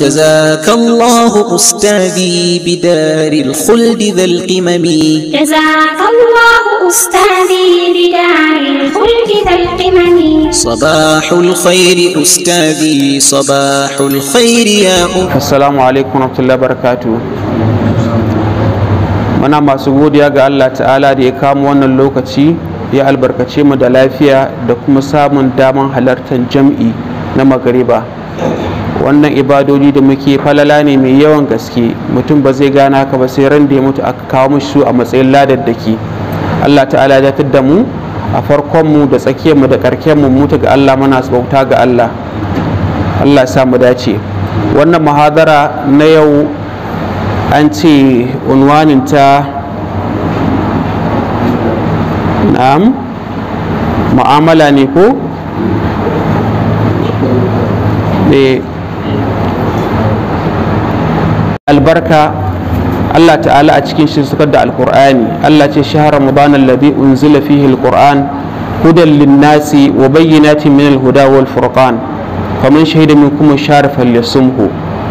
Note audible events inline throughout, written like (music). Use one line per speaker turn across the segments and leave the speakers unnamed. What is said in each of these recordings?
جزاك الله أستاذي بدار الخلد ذا القمم جزاك الله أستاذي بدار الخلد ذا القمم صباح الخير أستاذي صباح الخير يا أم السلام عليكم ورحمة الله وبركاته muna masu godiya ga Allah ta'ala da ya kama wannan lokaci ya albarkace mu da lafiya da kuma samun daman halartar jam'i na magariba wannan ibadodi da muke falala ne mai yawan gaske mutum ba zai gana haka ba sai ran da ya mutu aka kawo mushi su a matsayin ladaddaki Allah ta'ala ya da mu a farkon mu da tsakiyar mu da karken mu mutu ga Allah muna bauta ga Allah Allah ya mu dace wannan muhadara na yau an ce unwanin ta na'am mu'amala ne ko ne eh, albarka Allah ta'ala a cikin shi sukar da alkur'ani Allah ce shahar ramadan alladhi unzila fihi alquran hudan linnasi wa bayyinatin min alhuda wal furqan faman shahida minkum ash-shahr falyasumhu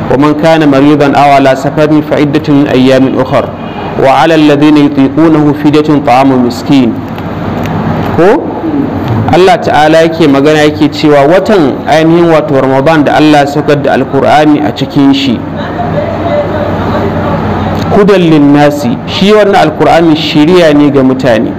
ومن كان مريضا او على سفر فعدة من ايام wa وعلى الذين يطيقونه فدية طعام مسكين ko Allah ta'ala yake magana yake cewa watan ainihin wato Ramadan da Allah saukar da alkur'ani a cikin shi hudan linnasi shi wannan alkur'ani shiriya ne ga mutane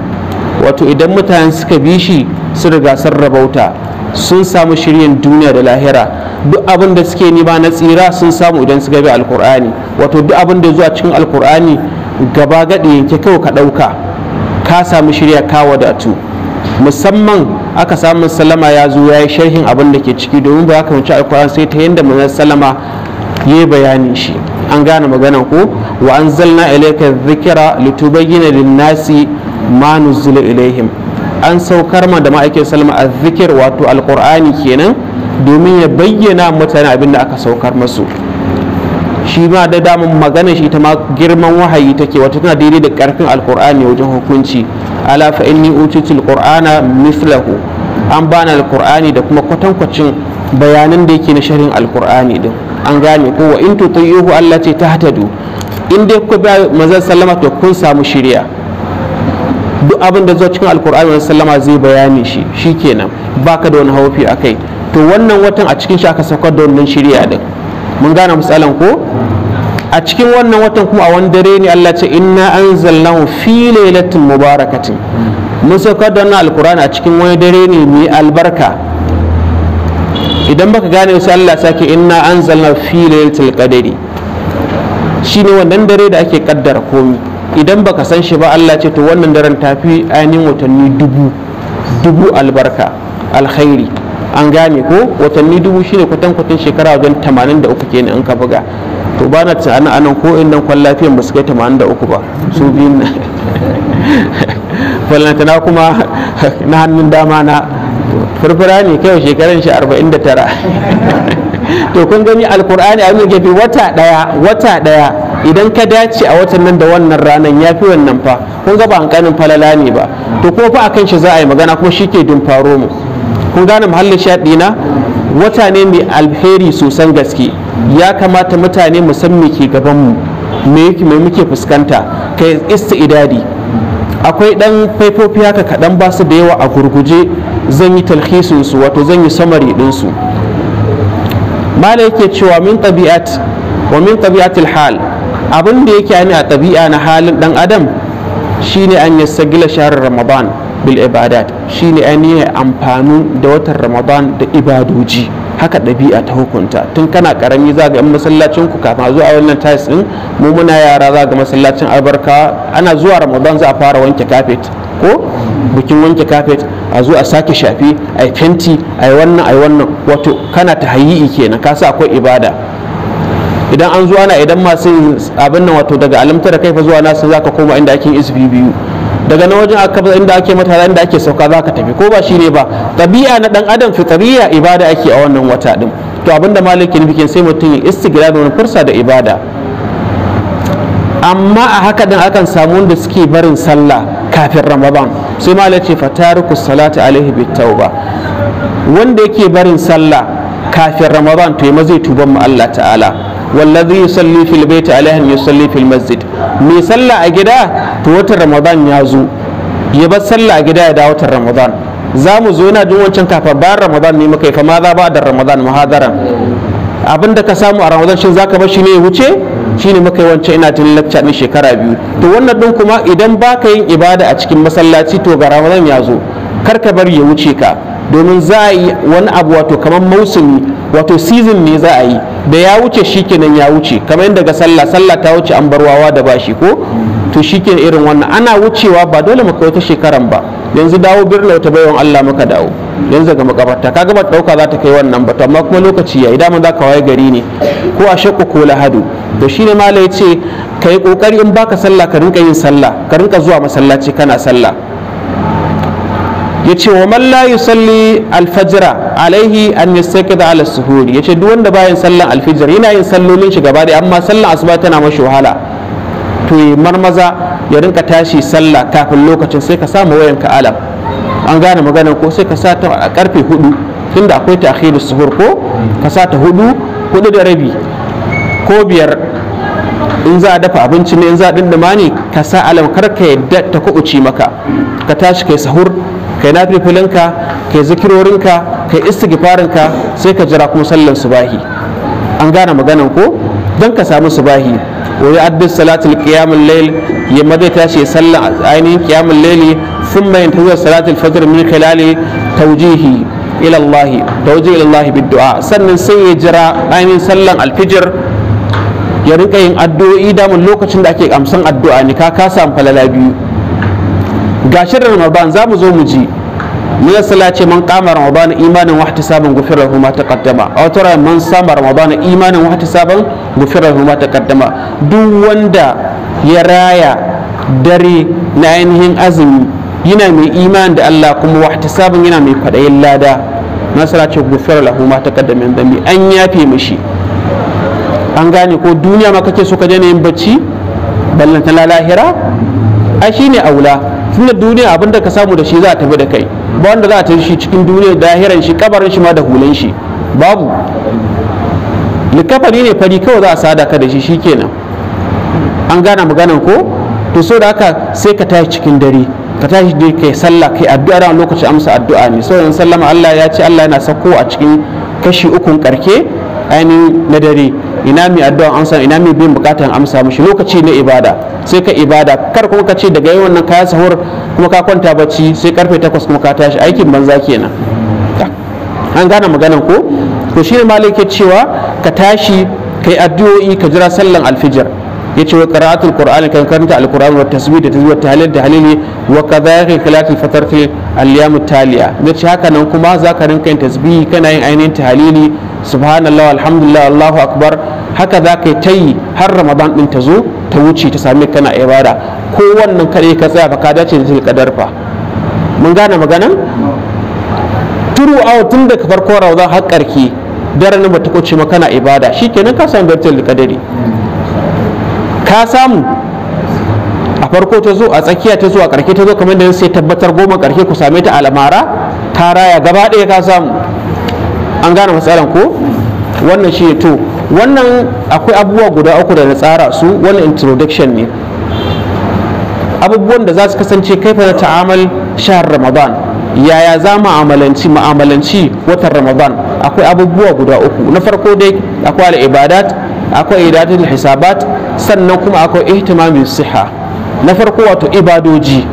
wato idan mutane suka bi shi su riga sun rabauta sun samu shiryan duniya da lahira duk abin da suke nema na tsira sun samu idan suka bi alkur'ani wato duk abin da zuwa cikin alkur'ani gaba gaɗe yanke kawai ka ɗauka ka samu shirya ka wadatu musamman aka samu salama ya zo ya yi sharhin abin da ke ciki domin ba ka wuce alkur'ani sai ta yadda manzon salama ya bayani shi an gane magana ku wa an zalna ilaika zikira litubayyana lin-nasi ma nuzila ilaihim an saukar ma da ma'aikin salma a zikir wato alkur'ani kenan domin ya bayyana mutane abin da aka saukar masu shi ma da damun magana shi ta ma girman wahayi take wato tana daidai da karfin alkur'ani wajen hukunci ala fa inni utitu alqur'ana mithlahu an bana alkur'ani da kuma kwatankwacin bayanan da yake na sharhin alkur'ani din an gane ko wa in tuti'uhu Allah ce ta hatadu in dai ku ba manzon sallama to kun samu shirya duk abin da zuwa cikin alkur'ani manzon sallama zai bayani shi shikenan baka da wani haufi akai to wannan watan a cikin shi aka saukar da wannan shirya din mun gane misalan ko a cikin wannan watan kuma a wani dare ne Allah ce inna anzalnahu fi lailatin mubarakatin mun saukar da wannan alkur'ani a cikin wani dare ne mai albarka idan baka gane sai Allah sake inna anzalna fi lailatul Shi shine wannan dare da ake kaddara komi idan baka san shi ba Allah ce to wannan daren tafi ainihin watanni dubu dubu albarka alkhairi an gane ko watanni dubu shine kwatan kwatan shekara wajen 83 kenan in ka buga to ba na tunanin anan ko in nan kwan lafiyan ba su kai 83 ba su biyun nan (laughs) ballantana kuma na hannun dama na furfura ne kai shekaran shi 49 (laughs) to kun gani alkur'ani abin da fi wata daya wata daya idan ka dace a watan nan da wannan ranar ya fi wannan fa kun ga ba hankalin falala ne ba to kuma fa akan shi za a yi magana kuma shi ke dun faro mu kun gane muhallin shaɗi na wata ne mai alheri sosan gaske ya kamata mutane mu san ke gaban mu me muke fuskanta kai idadi akwai dan faifofi haka kaɗan ba su da yawa a gurguje zan yi talhisinsu wato zan yi samari din su yake cewa min tabi'at wa min tabi'atil hal abin da yake ani a tabi'a na halin dan adam shine an sagila shahar ramadan bil ibadat shine an yi amfanu da watan ramadan da ibadoji haka ɗabi'a ta hukunta tun kana karami za ga yan masallacin ku kafin zuwa wannan tais din mu muna yara za ga masallacin albarka ana zuwa ramadan za a fara wanke kafet ko bikin wanke kafet a zo a sake shafi a yi fenti a yi wannan a yi wannan wato kana ta hayi kenan ka sa akwai ibada idan an zuwa na idan masu abin nan wato daga alamta da kaifa zuwa nasu za ka koma inda ake isbi biyu daga na wajen aka inda ake mata inda ake sauka za tafi ko ba shi ne ba tabi'a na dan adam fitariya ibada ake a wannan wata din to abinda ne bikin sai mutum ya da wani fursa da ibada amma a haka din akan samu wanda suke barin sallah kafin ramadan sai ma ce fataruku salatu alaihi tauba wanda yake barin sallah kafin ramadan to ma zai tuban mu Allah ta'ala wallazi yusalli fil baiti alaihi yusalli fil masjid mai sallah a gida to watan ramadan ya zo ya bar sallah a gida ya dawo watan ramadan za mu zo na jin wancan kafin bayan ramadan ne muka yi fa ma za ba da ramadan muhadaran abinda ka samu a ramadan shin zaka bar shi ne ya wuce shine muka yi wancan ina tun lakca din shekara biyu to wannan din kuma idan baka yin ibada a cikin masallaci to ga ramadan ya zo kar ka bar ya wuce ka domin za a yi wani abu wato kamar mausumi wato season ne za a yi da ya wuce shikenan ya wuce kamar yadda ga sallah sallah ta wuce an bar wawa da bashi ko to shikenan irin wannan ana wucewa ba dole mu kai wata shekaran ba yanzu dawo birlau wata baiwan Allah muka dawo yanzu ga makabarta ka ba dauka za ta kai wannan ba amma kuma lokaci yayi da za ka waye gari ne ko a shakku ko lahadu da ya malai yace kai kokari in baka sallah ka rinka yin sallah ka rinka zuwa masallaci kana sallah yace wa man la yusalli alfajra alaihi an yastaqida ala suhuri yace duk wanda bayan sallan alfijir yana yin sallolin shi gaba da amma sallan asuba tana mashi wahala to yi marmaza ya rinka tashi sallah kafin lokacin sai ka samu wayan ka alam an gane maganar ko sai ka sa a karfe hudu tunda akwai ta'khirus suhur ko ka sa ta hudu hudu da rabi ko biyar in za a dafa abinci ne in za a dindima ne ka sa alam kar ka yadda ta kubuce maka ka tashi kai sahur kai nafifilinka kai zikirorinka kai istighfarinka sai ka jira kuma sallan subahi an gane maganan ko don ka samu subahi wa ya addu salatul qiyamul layl ya madai shi sallah ainihin qiyamul layli thumma yantazir salatul fajr min khilali tawjihi ila Allah tawjih ila Allah du'a. sannan sai ya jira ainihin sallan alfijir ya rinka yin addu'o'i damun lokacin da ake amsan addu'a ne ka kasa falala biyu gashin Ramadan za mu zo mu ji من الصلاة من قام رمضان إيمانا واحتسابا غفر له ما تقدم أو ترى من صام رمضان إيمانا واحتسابا huma ta kaddama duk wanda ya raya dare na ainihin azumi yana mai iman da Allah kuma sabon yana mai kwaɗayin lada nasara ce gufirar huma ta kaddama min an yafe mashi. an gane ko duniya ma kake so ka jana yin bacci ballan ta lahira a wula? aula tunda duniya abinda ka samu da shi za a tafi da kai ba wanda za a tafi shi cikin duniya da shi kabarin shi ma da hulan shi babu likafani ne fari kawai za a sada ka da shi shikenan an gana maganan ko to so da haka sai ka tashi cikin dare ka tashi dare kai sallah kai addu'a a lokacin amsa addu'a ne saboda sallama Allah ya ce Allah yana sako a cikin kashi ukun karke ainihin na dare ina mai addu'a amsa ina mai bin bukatan amsa mishi lokaci na ibada sai ka ibada kar kuma ka ce daga yau wannan kaya sahur kuma ka kwanta bacci sai karfe 8 kuma ka tashi aikin banza kenan an gane maganan ko to shine malik ke cewa ka tashi kai addu'o'i ka jira sallan alfijir ce wa qira'atul qur'ani kan karanta alqur'ani wa tasbih da tazwid tahlil da halili wa kadhalika qira'atul fatarti al-yam taliya ce haka nan kuma zaka rinka yin tasbih kana yin ainihin tahlili subhanallah alhamdulillah allahu akbar haka zaka yi tayi har ramadan ɗin ta zo ta wuce ta sami kana ibada ko wannan kare ka tsaya ba ka dace da tilkadar fa mun gane maganan turu awa tun daga farko rauza haƙarki dare daren ba ta kuce maka na ibada shikenan ka samu baitul qadari ka samu a farko ta zo a tsakiya ta zo a karke ta zo kamar da sai tabbatar goma karke ku same ta alamara ta raya gaba ɗaya ka samu an gane matsalan ko wannan shi to wannan akwai abubuwa guda uku da na tsara su wannan introduction ne abubuwan da za su kasance kai fa ta'amal shahar ramadan yaya za mu mu'amalanci watan ramadan akwai abubuwa guda uku na farko dai akwai al'ibadat akwai idadin hisabat sannan kuma akwai ihtimamin siha na farko wato ibadoji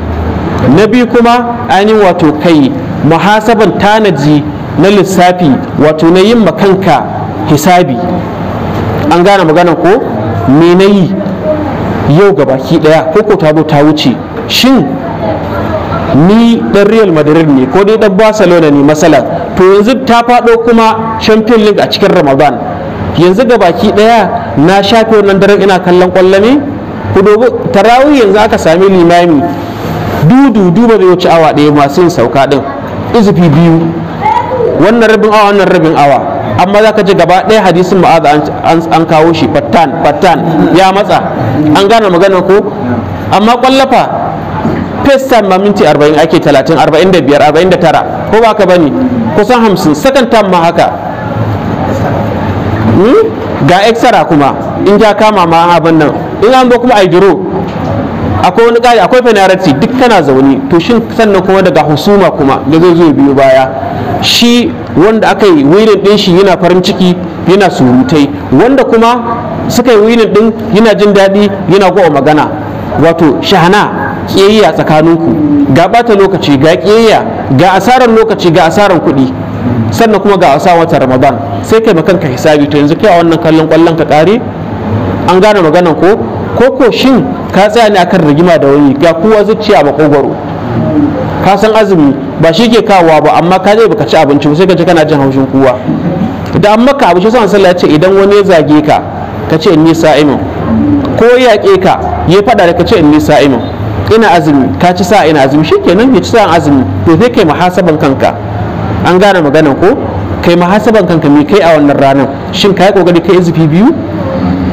na biyu kuma ainihin wato kai muhasaban tanaji na lissafi wato na yin makanka hisabi an gane magana ko me na yi yau gabaki daya ko ko ta ta wuce shin ni dan real madrid ne ko dai dan barcelona ne masalan to yanzu ta faɗo kuma champion league a cikin ramadan yanzu ga baki ɗaya na shafe wannan daren ina kallon kwallo ne ku dogo tarawih yanzu aka sami limami dudu duba da wuce awa ɗaya masu yin sauka ɗin izufi biyu wannan rabin awa wannan rabin awa amma za ka ji gaba ɗaya hadisin ma'aza an kawo shi fattan fattan ya matsa an gane magana ko amma kwallafa. first ma minti 40 ake 30 45 49 ko baka ka bane kusan 50 second time ma haka hmm? ga extra kuma in ja kama ma abin nan in an zo kuma ai duro akwai wani kai akwai penalty duk kana zauni to shin sannan kuma daga husuma kuma da zai zo biyu baya shi wanda aka yi wilin din shi yana farin ciki yana surutai wanda kuma suka yi wilin din yana jin daɗi yana gowa magana wato shahana kiyayya tsakaninku ga bata lokaci ga kiyayya ga asarar lokaci ga asarar kuɗi sannan kuma ga asa wata ramadan sai kai ka hisabi to yanzu kai a wannan kallon kwallon ka kare an gane maganan ko ko ko shin ka tsaya ne akan rigima da wani ga kowa zuciya makogwaro ka san azumi ba shi ke kawowa ba amma ka je baka ci abinci sai ka ji kana jin haushin kowa da amma ka abu shi san sallah ce idan wani ya zage ka ka ce inni sa'imin ko ya ke ka ya faɗa da ka ce inni sa'imin ina azumi ka ci sa ina azumi shikenan ya ci sa azumi to sai kai muhasaban kanka an gane maganan ko kai muhasaban kanka me kai a wannan ranar shin kai kokari kai izufi biyu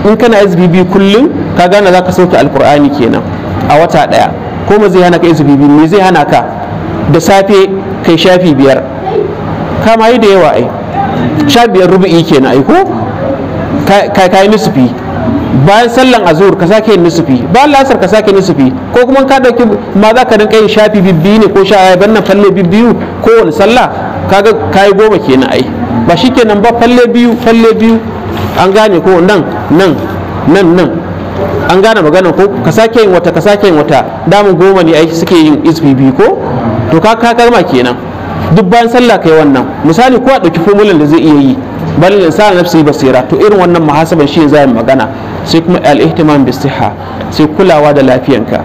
in kana izufi biyu kullum ka gane zaka sauke alkur'ani kenan a wata daya ko ma zai hana ka izufi biyu me zai hana ka da safe kai shafi biyar kama yi da yawa ai sha biyar rubu'i kenan ai ko ka yi nisfi bayan sallan azur ka sake yin nisufi bayan lasar ka sake nisufi ko kuma ka dauki ma za ka rinka yin shafi bibbiyu ne ko sha ban nan falle bibbiyu wani sallah kaga kai goma kenan ai ba shi kenan ba falle biyu falle biyu an gane ko nan nan nan nan an gane magana ko ka sake yin wata ka sake yin wata damun goma ne ai suke yin isfi biyu ko to ka ka karma kenan duk bayan sallah kai wannan misali ko a ɗauki formulan da zai iya yi bal insan nafsi basira to irin wannan muhasaban shi zai magana sai kuma al ihtimam bis siha sai kulawa da lafiyanka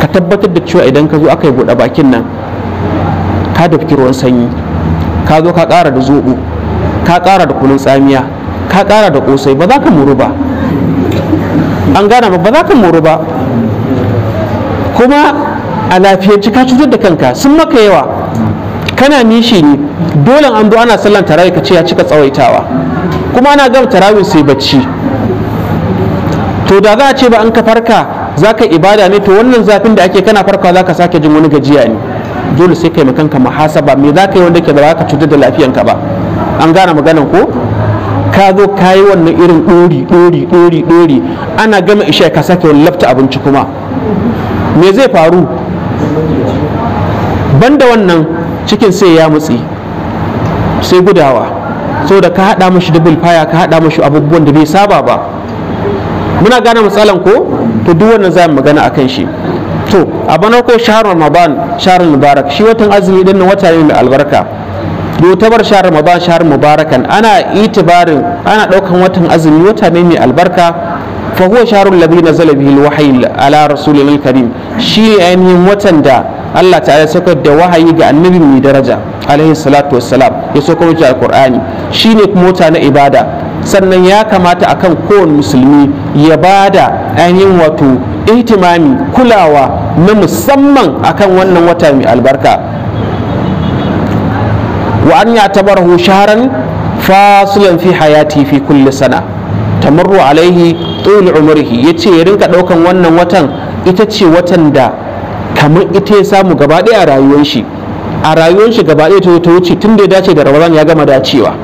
ka tabbatar da cewa idan ka zo aka yi buɗe bakin nan ka da ruwan sanyi ka zo ka ƙara da zobo, ka ƙara da kunun tsamiya ka ƙara da ƙosai ba za ka muru ba an gana ba ba za ka muru ba kuma a lafiyar ka cutar da kanka sun maka yawa kana nishi ne dole an zo ana sallan tarawih ka ce ya cika tsawaitawa kuma ana gama tarawih sai bacci to da za a ce ba an ka farka za ka ibada ne to wannan zafin da ake kana farka za ka sake jin wani gajiya ne dole sai kai makanka muhasaba me za ka yi wanda ke ba ka cutar da lafiyanka ba an gane maganan ko ka zo ka yi wannan irin ɗori ɗori ɗori ɗori ana gama ishe ka sake wani lafta abinci kuma me zai faru banda wannan cikin sai ya mutsi sai gudawa saboda ka haɗa mashi dubul faya ka haɗa mashi abubuwan da bai saba ba muna gane matsalan ko to duk wannan za mu magana akan shi to a bana ko shahar ramadan shahar mubarak shi watan azumi din wata ne mai albarka bar shahar ramadan shahar mubarakan ana itibarin ana daukan watan azumi wata ne mai albarka fa huwa shahrul ladhi nazala bihi alwahyi ala rasulil karim shi ainihin watan da Allah ta saukar da wahayi ga annabi mai daraja alaihi salatu wassalam ya sauko mace alqur'ani shine mota na ibada sannan ya kamata akan kowane musulmi ya bada ainihin wato ihtimami kulawa na musamman akan wannan wata mai albarka wa an ya tabar shaharan fasulan fi hayati fi kulli sana tamarru alaihi umarhi ya yace ya rinka daukan wannan watan ita ce watan da kamar ita ya samu gaba ɗaya a rayuwar shi a rayuwar shi gaba ɗaya ta wuce tun da ya dace da ramadan ya gama dacewa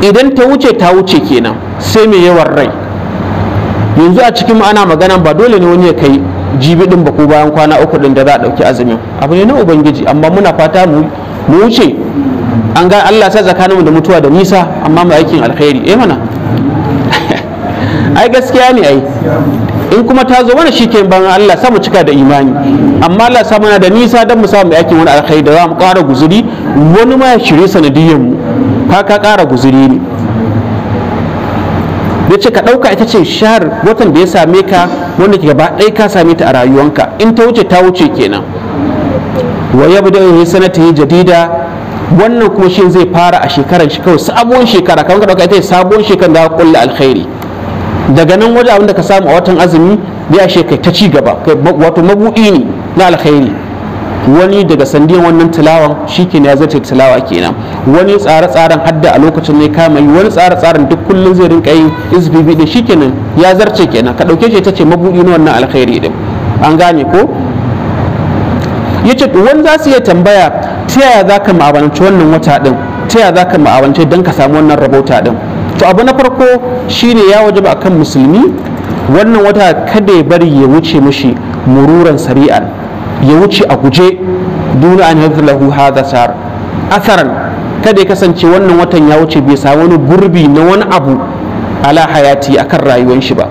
idan ta wuce ta wuce kenan sai mai yawan rai yanzu a cikin ana maganan ba dole ne wani ya kai jibi ɗin ba ko bayan kwana uku ɗin da za a ɗauki azumin abu ne na ubangiji amma muna fata mu wuce an ga Allah sai tsakaninmu da mutuwa da nisa amma mu aikin alkhairi eh mana (laughs) ai gaskiya ne ai in kuma ta zo mana ke ban Allah samu cika da imani amma Allah sa muna da nisa don mu samu aikin wani alkhairi da za mu ƙara guzuri wani ma ya shirye sanadiyyar mu ka ka ƙara guzuri ne ya ce ka ɗauka ita ce shahar watan da ya same ka wanda ke gaba ɗaya ka same ta a rayuwanka in ta wuce ta wuce kenan wa ya bude yi sanata jadida wannan kuma shi zai fara a shekaran shi kawai sabuwar shekara kawai ka ɗauka ita sabuwar shekaran da ka kulla alkhairi daga nan wajen abin da ka samu a watan azumi ya ta ci gaba wato mabuɗi ne na alkhairi wani daga sandiyan wannan tilawan shikenan ya zace tilawa kenan wani tsare-tsaren hadda a lokacin ne kama yi wani tsare-tsaren duk kullum zai rinka yin isbibi din shikenan ya zarce kenan ka dauke shi ta ce mabuɗi na wannan alkhairi din an gane ko Ya yace wani za su iya tambaya ta yaya za ka ma'abanci wannan wata din ta yaya za ka ma'abanci don ka samu wannan rabota din To abu na farko shine ya wajaba akan musulmi wannan wata kada ya bari ya wuce mashi mururan sari'an ya wuce a guje duna an yadda lahu hadha sar atharan kada ya kasance wannan watan ya wuce bai samu wani gurbi na wani abu ala hayati akan rayuwar shi ba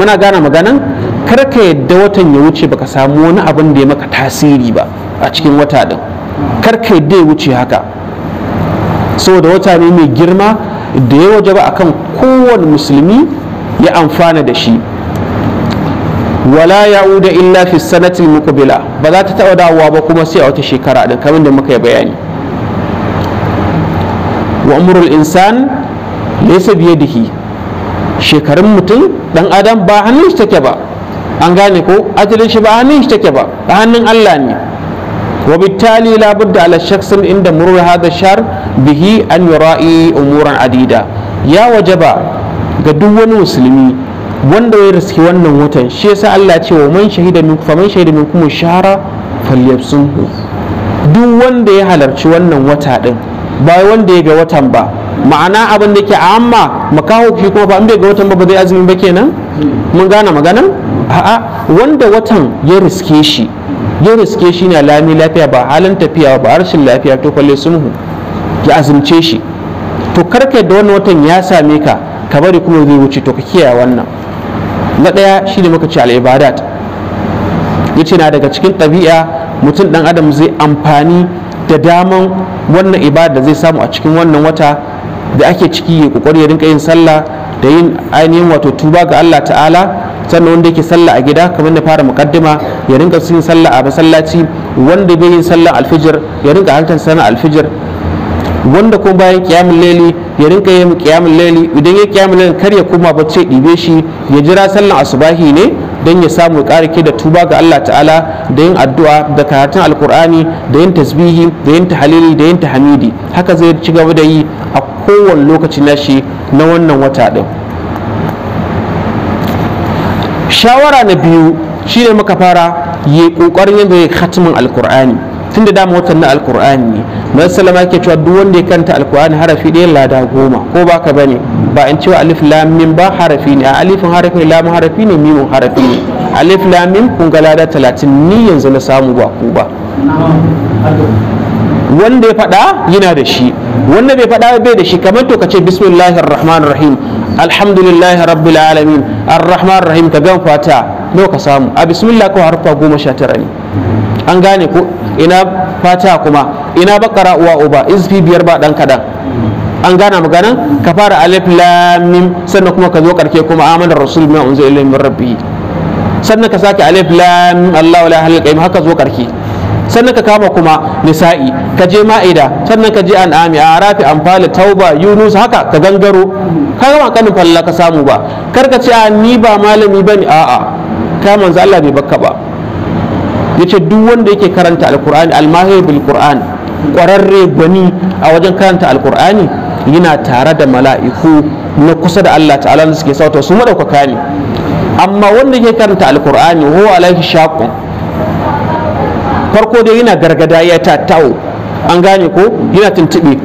muna gane maganan kar ka yadda watan ya wuce baka samu wani abin da ya maka tasiri ba a cikin wata din kar ka yadda ya wuce haka saboda wata ne mai girma da ya a kan kowane musulmi ya amfana da shi wala ya'uda illa fi sanatil muqbila ba za ta taɓa dawowa ba kuma sai a wata shekara din kamar da muka yi bayani wa umrul insan laysa yadihi shekarun mutum dan adam ba hannun shi take ba an gane ko ajalin shi ba hannun shi take ba hannun Allah ne وبالتالي لا بد على الشخص عند مرور هذا الشهر به أن يرائي أمورا عديدة يا وجبا قدوة مسلمي wanda ya riski wannan watan shi yasa Allah ce wa man shahida fa man shahida kuma shahara falyabsunhu duk wanda ya halarci wannan wata din ba wanda ya ga watan ba ma'ana abin da ke amma makaho fi kuma ba in bai ga watan ba ba zai azumi ba kenan mun gane magana a'a wanda watan ya riske shi ya riske shi na lami lafiya ba halin tafiya ba rashin lafiya to falle sunhu ya azumce shi to karka da wannan watan ya same ka ka bari kuma zai wuce to ka kiyaye wannan na ɗaya ne muka ci ce ibadat yace na daga cikin ɗabi'a mutum ɗan adam zai amfani da daman wannan ibada zai samu a cikin wannan wata da ake ciki ya kokari ya rinka yin sallah da yin ainihin wato tuba ga Allah ta'ala sannan wanda yake sallah a gida kamar na fara mukaddima ya rinka yin sallah a masallaci wanda bai yin sallah alfijir ya rinka halartar sallah alfijir wanda kuma bayan kiyamul laili ya rinka yin kiyamul laili idan ya kiyamul laili kar ya koma bacci ya shi ya jira sallan asubahi ne don ya samu ƙarake da tuba ga Allah ta'ala da yin addu'a da karatun alkur'ani da yin tasbihi da yin tahalili da yin tahamidi haka zai ci gaba da yi a kowane lokaci nashi na wannan wata ɗin shawara na biyu shi ne muka fara yi kokarin yadda ya khatimin alkur'ani tunda dama watan na alkur'ani ne mai yake ke cewa duk wanda ya kanta alkur'ani harafi ɗaya lada goma ko ba ka bane ba in cewa alif lam ba harafi ne a alifin harafi ne lam harafi ne mimun harafi ne alif lam mim kun ga lada talatin ni yanzu na samu ba ku ba wanda ya faɗa yana da shi wanda bai faɗa bai da shi kamar to ka ce bismillahir rahmanir rahim alhamdulillahi rabbil alamin arrahman rahim ka gan fata nawa ka samu a bismillah ko harfa goma sha tara ne an gane ko ina fata kuma ina bakara uwa uba izfi biyar ba dan kadan an gana magana ka fara alif lam mim sannan kuma ka zo karke kuma amana rasul bima unzila ilayhi min rabbi sannan ka sake alif lam Allahu la ilaha illa haka zo karke sannan ka kama kuma nisa'i ka je ma'ida sannan ka je an'ami a rafi amfali tauba yunus haka ka gangaro ka gama kanin falla ka samu ba kar ka ce a ni ba malami ba ne a'a ka manzo Allah bai bakka ba Ya ce duk wanda yake karanta alkur'ani almahir bil qur'an kwararre gwani a wajen karanta alkur'ani yana tare da mala'iku na kusa da Allah ta'ala da suke sauta su madaukaka ne amma wanda yake karanta alkur'ani huwa alaihi shaqun farko dai yana gargada ya ta tawo, an gane ko yana tuntuɓe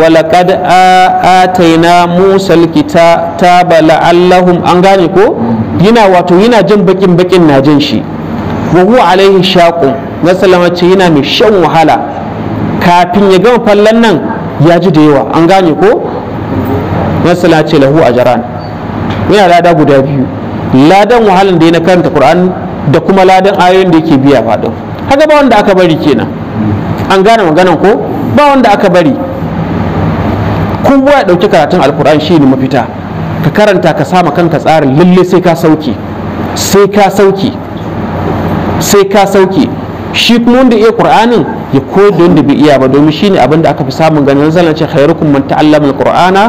walaƙad ataina musa likita ta la'allahum an gane ko yana wato yana jin bakin bakin na jin shi wa huwa alaihi shaqun na ce yana mai shan wahala kafin ya gama fallan nan ya ji da yawa an gane ko na ce lahu ajran yana lada guda biyu ladan wahalan da yana karanta kur'ani da kuma ladan ayoyin da yake biya fadin kaga ba wanda aka bari kenan an gane maganan ko ba wanda aka bari kowa ya ɗauki karatun alkur'an shi ne mafita ka karanta ka sama kanka tsarin lalle sai ka sauke sai ka sauke sai ka sauke shi kuma wanda iya qur'anin ya koyar da wanda bai iya ba domin shi ne abinda aka fi samun ganin zan ce khairukum man ta'allama alqur'ana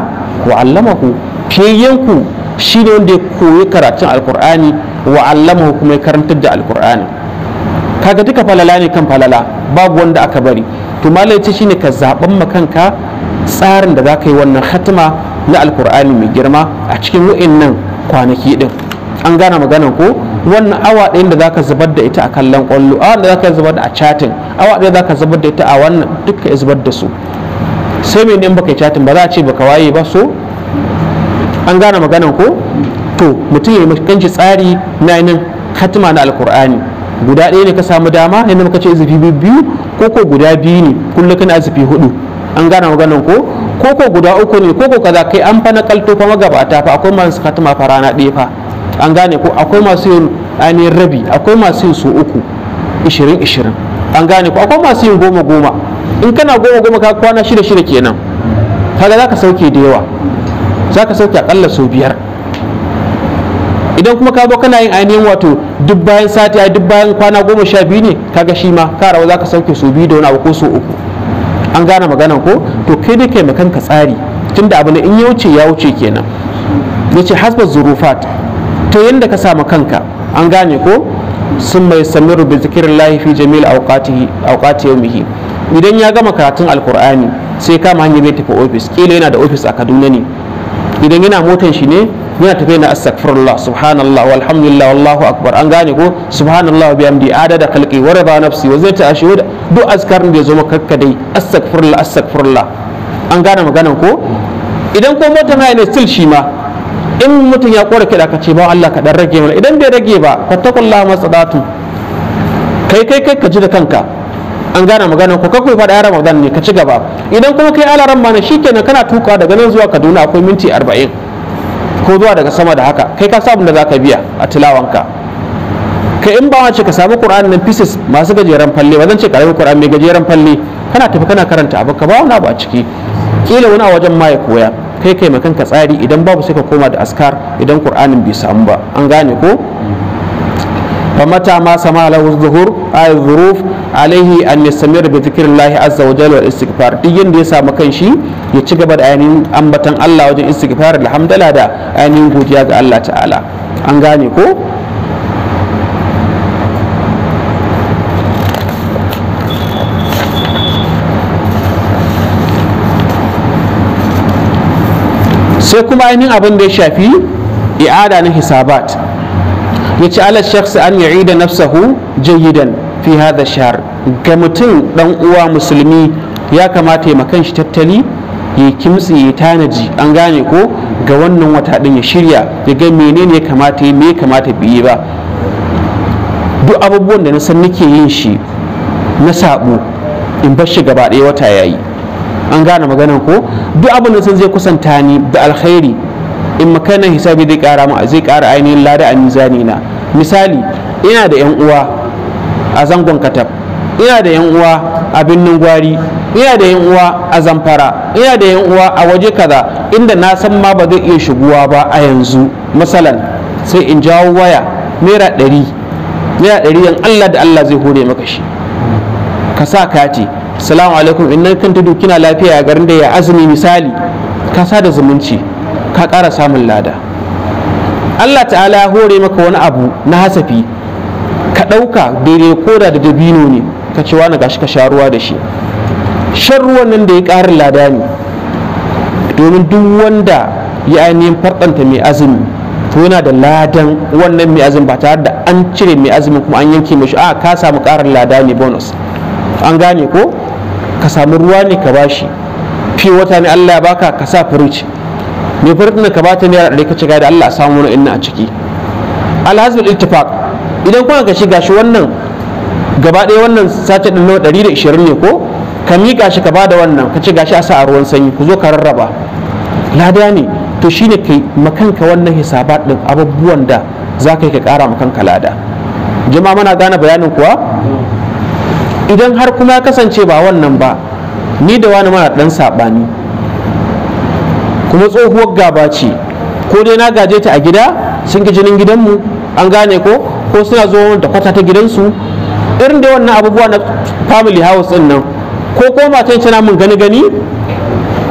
wa 'allamahu fiyanku ne wanda ya koyi karatun alqur'ani wa 'allamahu kuma ya karantar da alqur'ani kaga duka falala ne kan falala babu wanda aka bari to malai ce shine ka zaben makanka tsarin da zaka yi wannan hatima na alkur'ani mai girma a cikin wa'annan kwanaki din an gana maganan ko wannan awa ɗayan da zaka zubar da ita a kallon kwallo awa da zaka zubar da a chatting awa ɗaya zaka zubar da ita a wannan duka ya zubar da su sai mai ne baka chatting ba za a ce baka waye ba so an gana maganan ko to mutum ya yi kanci tsari na nan hatima na alkur'ani guda ɗaya ne ka samu dama yadda muka ce azufi biyu ko ko guda biyu ne kullum kana azufi hudu an gana maganan ko ko ko guda uku ne ko ko kaza kai an fa na kalto fa magabata fa akwai masu katuma fa rana ɗaya fa an gane ko akwai masu yin ainihin rabi akwai masu yin su uku ishirin ishirin an gane ko akwai masu yin goma goma in kana goma goma ka kwana shida shida kenan kaga za ka sauke da yawa za ka sauke akalla sau biyar idan kuma ka zo kana yin ainihin wato duk bayan sati duk bayan kwana goma sha biyu ne kaga shi ma ka rawa ka sauke su biyu da wani abu ko su uku an gane maganan ko to kai dai kai kanka tsari tunda abu ne in ya wuce ya wuce kenan yace hasba zurufat to yadda ka samu kanka an gane ko sun mai samiru bi zikirin fi jamil awqatihi awqati idan ya gama karatun alkur'ani sai kama hanyar mai tafi ofis kila yana da ofis a kaduna ne idan yana motan shi ne yana tafiya na astaghfirullah subhanallah walhamdulillah wallahu akbar an gane ko subhanallah bi amdi adada khalqi wa rida nafsi wa zata ashhud duk azkarin da ya zo maka kakkadai astaghfirullah astaghfirullah an gane maganan ko idan ko motan haya ne still shi ma in mutum ya kora kiɗa ka ce ba Allah ka dan rage mana idan bai rage ba fattakullah masadatu kai kai kai ka ji da kanka an gane magana ko kakwai faɗa ya ramadan ne ka ci gaba idan kuma kai ala ma ne kenan kana tuka daga nan zuwa kaduna akwai minti arba'in ko zuwa daga sama da haka kai ka abin da za ka biya a tilawanka ka in ba wace ka samu qur'an nan pieces masu gajeren falle ba zan ce karamin qur'an mai gajeren falle kana tafi kana karanta abu ka ba wani abu a ciki kila wani a wajen ma ya koya kai kai makan ka tsari idan babu sai ka koma da askar idan qur'anin bai samu ba an gane ko فمتى ما سمع له الظهور أي الظروف عليه أن يستمر بذكر الله عز وجل والاستغفار دين دي سامو كانشي ya ci gaba da ainihin ambatan Allah wajen istighfar da hamdala da ainihin godiya ga Allah ta'ala an gane ko sai kuma ainihin abin da ya shafi i'ada na hisabat ya ci ala shaksa an da nafsahu jayidan fi hada shahar ga mutum dan uwa musulmi ya kamata ya makan tattali ya kimtsi ya tanaji an gane ko ga wannan wata din ya shirya ya ga menene ya kamata ya me kamata bi ba duk abubuwan da na san nake yin shi na sabo in bar shi gaba daya wata yayi an gane maganan ko duk abin da san zai kusanta ni da alkhairi in makanan hisabi zai kara zai kara ainihin lada a mizani na misali ina da yan uwa a zangon katab ina da yan uwa a binnin gwari ina da yan uwa a zamfara ina da yan uwa a waje kaza inda na san ma ba zai iya shigowa ba a yanzu masalan sai in jawo waya naira ɗari naira ɗari yan allah da allah zai hore maka shi ka sa kati salamu alaikum in nan kan tudu kina lafiya garin da ya azumi misali ka sa da zumunci ka ƙara samun lada Allah ta'ala ya hore maka wani abu na hasafi ka ɗauka daidai koda da dabino ne ka ce wani gashi ka sha ruwa da shi shan ruwan nan da ya ƙarin lada ne domin duk wanda ya ainihin farɗanta mai azumi to yana da ladan wannan mai azumi ba tare da an cire mai azumin kuma an yanke mashi a ka samu ƙarin lada ne bonus an gane ko ka samu ruwa ne ka bashi fi wata ne Allah ya baka ka sa firij mai farɗin ka bata naira ɗari ka cika da Allah a samu wani inna a ciki alhazbul ittifaq idan kuma ka shiga shi wannan gaba ɗaya wannan sace ɗin nawa ɗari da ishirin ne ko ka miƙa shi ka ba da wannan ka ce gashi a sa a ruwan sanyi ku zo ka rarraba lada ne to shine kai makanka wannan hisabat ɗin abubuwan da za ka yi ka ƙara makanka lada jama'a mana gane bayanin kuwa idan har kuma ya kasance ba wannan ba ni da wani mana dan saɓani kuma tsohuwar gaba ce ko dai na gaje ta a gida sun ki jinin gidanmu an gane ko ko suna zo da kwata ta gidansu irin da wannan abubuwa na family house din nan ko ko matan tana mun gani gani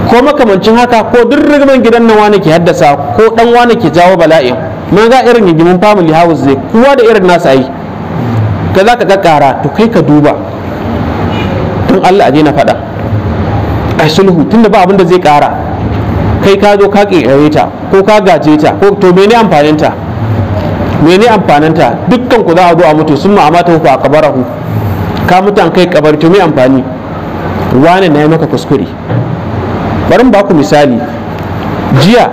ko makamancin haka ko duk rigiman gidan nan wani ke haddasa ko dan wani ke jawo bala'i, mun ga irin rigiman family house ne kowa da irin nasa yi ka za ka ga kara to kai ka duba tun Allah a na faɗa ai sulhu tunda ba abin da zai kara kai ka zo ka kirkire ta ko ka gaje ta ko to mene amfanin ta mene amfanin ta dukkan ku za a zo a mutu sun ta ku a kabarahu ka mutu an kai kabari to me amfani wani na yi maka kuskure bari ba ku misali jiya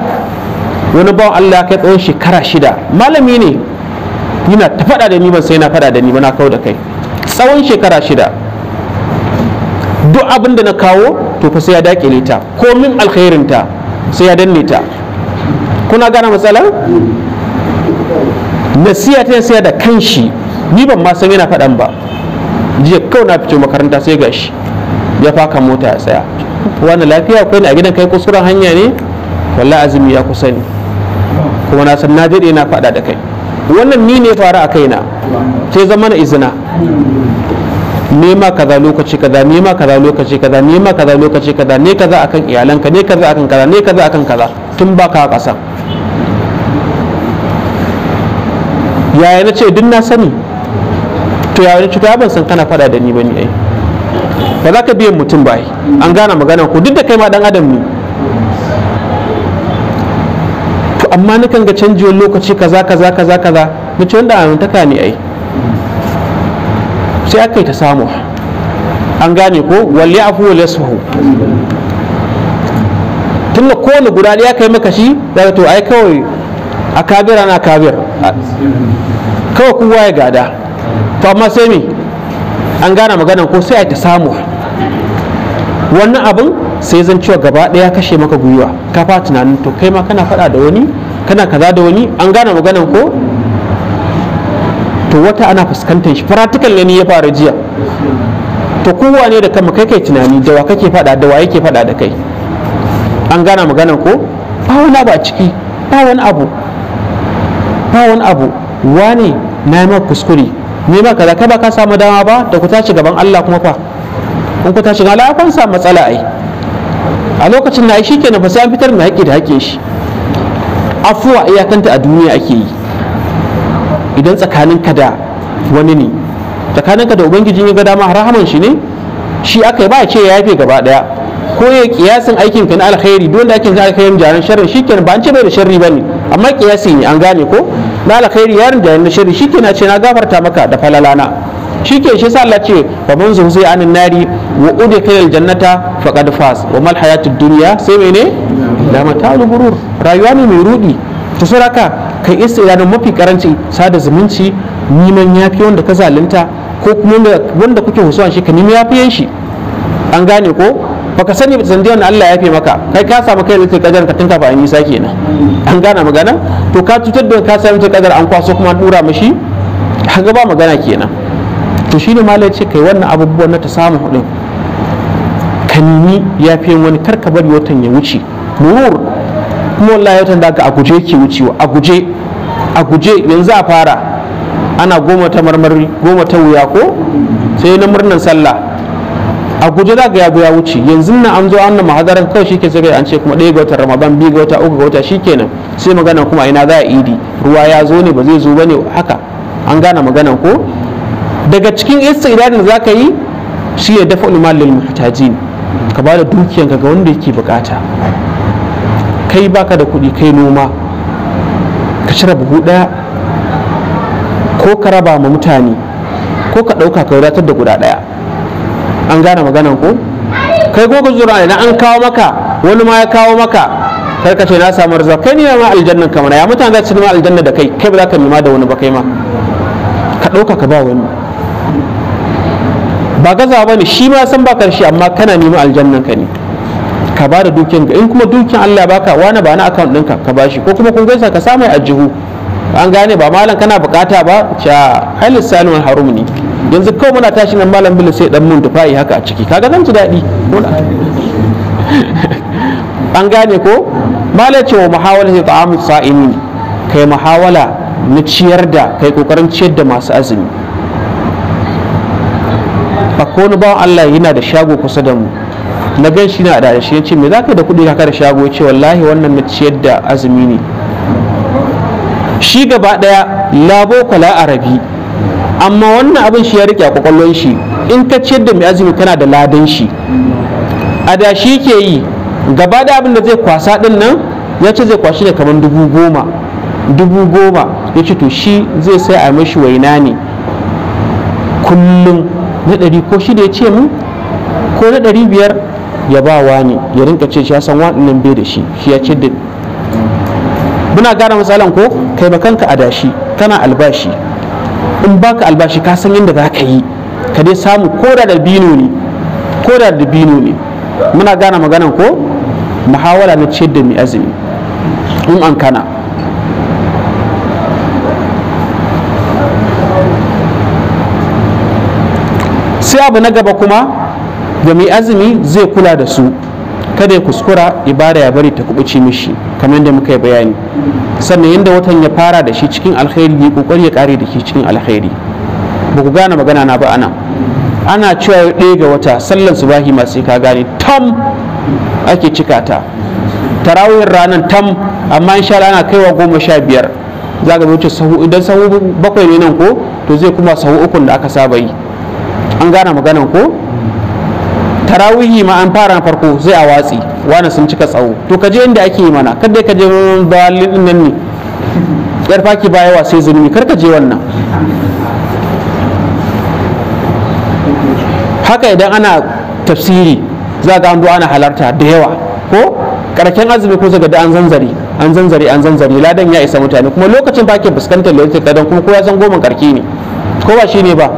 wani bawan Allah ya kai tsawon shekara shida malami ne yana ta faɗa da ni ban sai na faɗa da ni ba na kawo da kai tsawon shekara shida duk abin da na kawo to fa sai ya dakile ta komin alkhairin ta sai ya danne ta kuna gane matsalar nasiya ta sai da kanshi ni ban ma san yana faɗan ba jiya kawai na fito makaranta sai gashi ya faka mota ya tsaya wani lafiya akwai ne a gidan kai kusuran hanya ne walla azumi ya kusa ne kuma na san na daɗe na faɗa da kai wannan ni ne fara a kaina sai zama na izina nema kaza lokaci kaza nema kaza lokaci kaza nema kaza lokaci kaza ne kaza akan iyalanka ne kaza akan kaza ne kaza akan kaza tun baka ka ƙasa yaya na ce duk na sani to yaya na ce ban san kana faɗa da ni ba ni ai ba za ka biyan mutum ba an gane magana ko duk da kai ma dan adam ne to amma nakan ga canjiwar lokaci kaza kaza kaza kaza na ce wanda amintaka ne ai sai aka yi ta samu an gane ko walli afu wal yasfahu tun da kowane guda ya kai maka shi daga to ai kawai a kabir ana kabir kawai kowa ya gada to amma sai me an gane maganan ko sai a yi ta samu wannan abin sai zan cewa gaba ɗaya kashe maka gwiwa ka fa tunanin to kai ma kana faɗa da wani kana kaza da wani an gane maganan ko to wata ana fuskantar shi faratukan ne ya fara jiya to kowa ne da kama kai kai tunani da wa kake fada da wa yake fada da kai an gana magana ko ba wani a ciki ba wani abu ba wani abu wane na yi maka kuskure ne ma kaza kai ba ka samu dama ba da ku tashi gaban Allah kuma fa in ku tashi ga Allah kun samu matsala ai a lokacin na shi kenan ba sai an fitar da haƙi da haƙe shi afuwa iyakanta a duniya ake yi idan tsakaninka da wani ne tsakaninka da ubangiji ya ga dama rahaman shi ne shi aka yi ba ce ya yafe gaba daya ko ya kiyasin aikin ka na alkhairi don da aikin alkhairin jaran sharri shikenan ba an ce bai da sharri bane amma kiyasi ne an gane ko na alkhairi yarin jaran sharri shikenan ce na gafarta maka da falalana shikenan shi sa Allah ce fa man zuhzi anin nari wa Kayan jannata faqad fas wa mal hayatud dunya sai mene da mata gurur rayuwa ne mai rudi to saraka kai istirarin mafi karanci sada zumunci neman yafi wanda ka zalunta ko kuma wanda kuke husuwa shi ka ya yafiyan shi an gane ko baka sani ba sanadiyar da Allah ya fi maka kai ka samu kai litin kadar ka tunka a nisa kenan an gana magana to ka cutar da ka samu kadar an kwaso kuma dura mashi haka ba magana kenan to shi ne malai ce kai wannan abubuwan na ta samu hudu ka nemi yafiyan wani karka bari watan ya wuce murur kuma wallahi watan da aka a guje ke wucewa a guje a guje yanzu a fara ana goma ta marmari goma ta wuya ko sai na murnan sallah a guje za ga ya wuce yanzu na an zo an na mahadarar kawai shi ke sai an ce kuma ɗaya ga watan ramadan biyu ga wata uku ga wata shi kenan sai magana kuma ina za a idi ruwa ya zo ne ba zai zo ba ne haka an gane maganan ko daga cikin isa idanin za ka yi shi ya dafa ulmal lil ka ba da dukiyanka ga wanda yake bukata kai baka da kuɗi kai noma ka cire buhu ɗaya ko ka raba ma mutane ko ka ɗauka ka wadatar da guda ɗaya an gane maganan ko kai ko ka zura idan an kawo maka wani ma ya kawo maka kai ka ce na samu rizal kai ne ma aljannan kamar ya mutane za su nema aljanna da kai kai ba za ka nema da wani ba kai ma ka ɗauka ka ba wani ba gaza ba ne shi ma san ba karshe amma kana nema aljannan ka ne ka ba da ga in kuma dukiyar Allah baka wani ba na account ɗinka ka bashi ko kuma kun gaisa ka samu a jihu an gane ba malam kana bukata ba cha halis salim harum ne yanzu kawai muna tashi nan malam bilu sai dan mun tufayi haka a ciki kaga zan ji daɗi (laughs) an gane ko malam ce wa muhawala ta ta'amu sa'imi kai muhawala na ciyar da kai kokarin ciyar da masu azumi a wani bawan Allah yana da shago kusa da mu na gan shi na da shi yace me za ka da kuɗi haka da shago ce wallahi wannan na ciyar da azumi ne shi gaba ɗaya labo kwala arabi amma wannan abin shi ya rike a shi in ka ciyar da mai azumi kana da ladan shi a da shi ke yi gaba da abin da zai kwasa din nan ya ce zai kwashi da kamar dubu goma dubu goma ya ce to shi zai sai a mashi waina ne kullum na ɗari ko shi da ya ce mu ko na ɗari biyar ya ba wani ya rinka ce shi ya san wani bai da shi shi ya ce da muna gane misalan ko kai ba kanka adashi kana albashi in baka albashi ka san yadda za ka yi ka dai samu koda da bino ne koda da bino ne muna gane maganan ko muhawala na ce da mai azumi in an kana sai abu na gaba kuma ga mai azumi zai kula da su kada ya kuskura ibada ya bari ta kubuce mishi kamar da muka yi bayani sannan yadda watan ya fara da shi cikin alkhairi ya kokari ya kare da shi cikin alkhairi ba ku gane magana na ba ana ana cewa ɗaya ga wata sallan subahi masu ka gane tam ake cika ta tarawihin ranar tam amma insha Allah ana kaiwa goma sha biyar za ga wuce sahu idan sahu bakwai ne nan ko to zai kuma sahu ukun da aka saba yi an gane maganan ko tarawihi ma an fara farko zai a watsi wani sun cika tsawo to ka je inda ake mana kada ka je din nan ne yar faki baya wa sai zulmi kar ka je wannan haka idan ana tafsiri za ga an zo ana halarta da yawa ko karken azumi ko zaga da an zanzare an zanzare an zanzare ladan ya isa mutane kuma lokacin ke fuskantar lokacin kadan kuma kowa san goma karki ne ko ba shi ne ba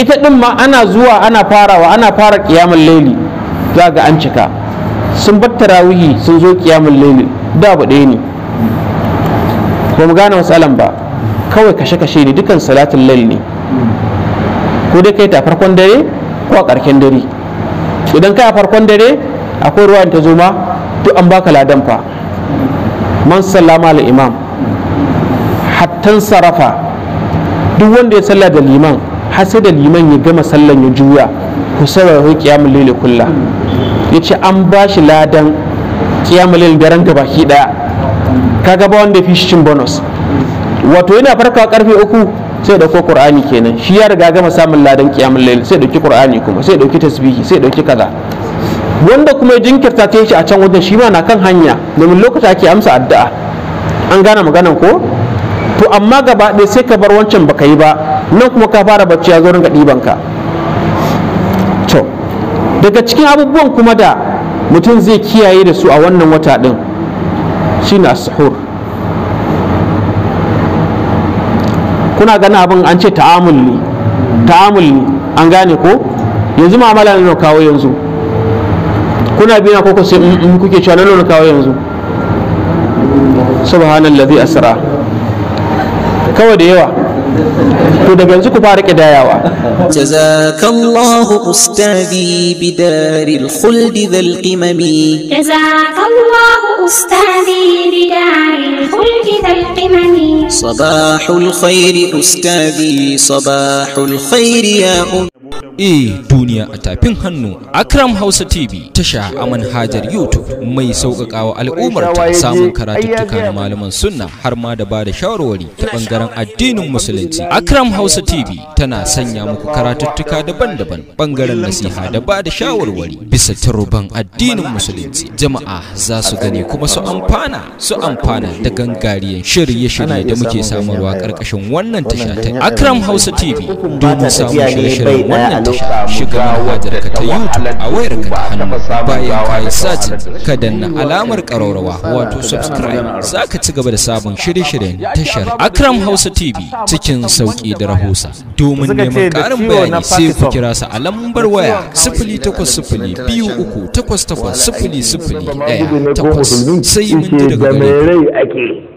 ita din ma ana zuwa ana farawa ana fara kiyamul laili za ga an cika sun bar tarawihi sun zo kiyamul laili da ba ɗaya ne ba mu gane matsalan ba kawai kashe-kashe ne dukan salatin laili ne ko dai kai ta farkon dare ko a ƙarshen dare idan kai a farkon dare akwai ruwa ta zo ma duk an baka ladan fa man sallama al imam hattan sarafa duk wanda ya sallah da liman har sai da liman ya gama sallan ya juya ku saurara qiyamul kulla, ya yace an ba shi ladan qiyamul layl daren gaba baki daya kaga ba wanda fi shi cin bonus wato yana farkawa karfe uku sai dauko qur'ani kenan shi ya riga gama samun ladan qiyamul layl sai dauki qur'ani kuma sai dauki tasbihi sai dauki kaza wanda kuma ya jinkirta ta shi a can wajen shi ma na kan hanya domin lokaci ake amsa addu'a an gane maganan ko to amma gaba ɗaya sai ka bar wancan baka yi ba nan kuma ka fara bacci ya zo rinka ɗiban ka to daga cikin abubuwan kuma da mutum zai kiyaye da su a wannan wata ɗin shi na suhur kuna gani abin an ce ta'amulli ta'amulli an gane ko yanzu ma'amala na kawo yanzu kuna bina na sai in kuke cewa nuna kawo yanzu subhanallazi asra kawai da yawa جزاك الله أستاذي بدار الخلد ذا القمم جزاك الله أستاذي بدار الخلد ذا القمم صباح الخير أستاذي صباح الخير يا أمي E duniya a tafin hannu Akram Hausa TV tasha a manhajar YouTube mai sauƙaƙawa al'ummar ta samun karatuttuka na malaman sunna har ma da bada shawarwari ta ɓangaren addinin musulunci. Akram Hausa TV tana sanya muku karatuttuka daban-daban ɓangaren nasiha da ba da shawarwari bisa turban addinin musulunci. Jama'a za su gani kuma su amfana su amfana da gangariyan shirye-shirye da muke samarwa ƙarƙashin wannan tasha ta Akram Hausa TV domin samun shirye-shiryen wannan tasha shiga wajar ka ta youtube a wayar ka ta hannu bayan ka yi sajin ka danna alamar ƙararrawa wato subscribe za ka ci gaba da sabon shirye-shiryen tashar akram hausa tv cikin sauƙi da rahusa domin neman ƙarin bayani sai ku kira su a lambar waya sifili takwas sifili sai mun daga gare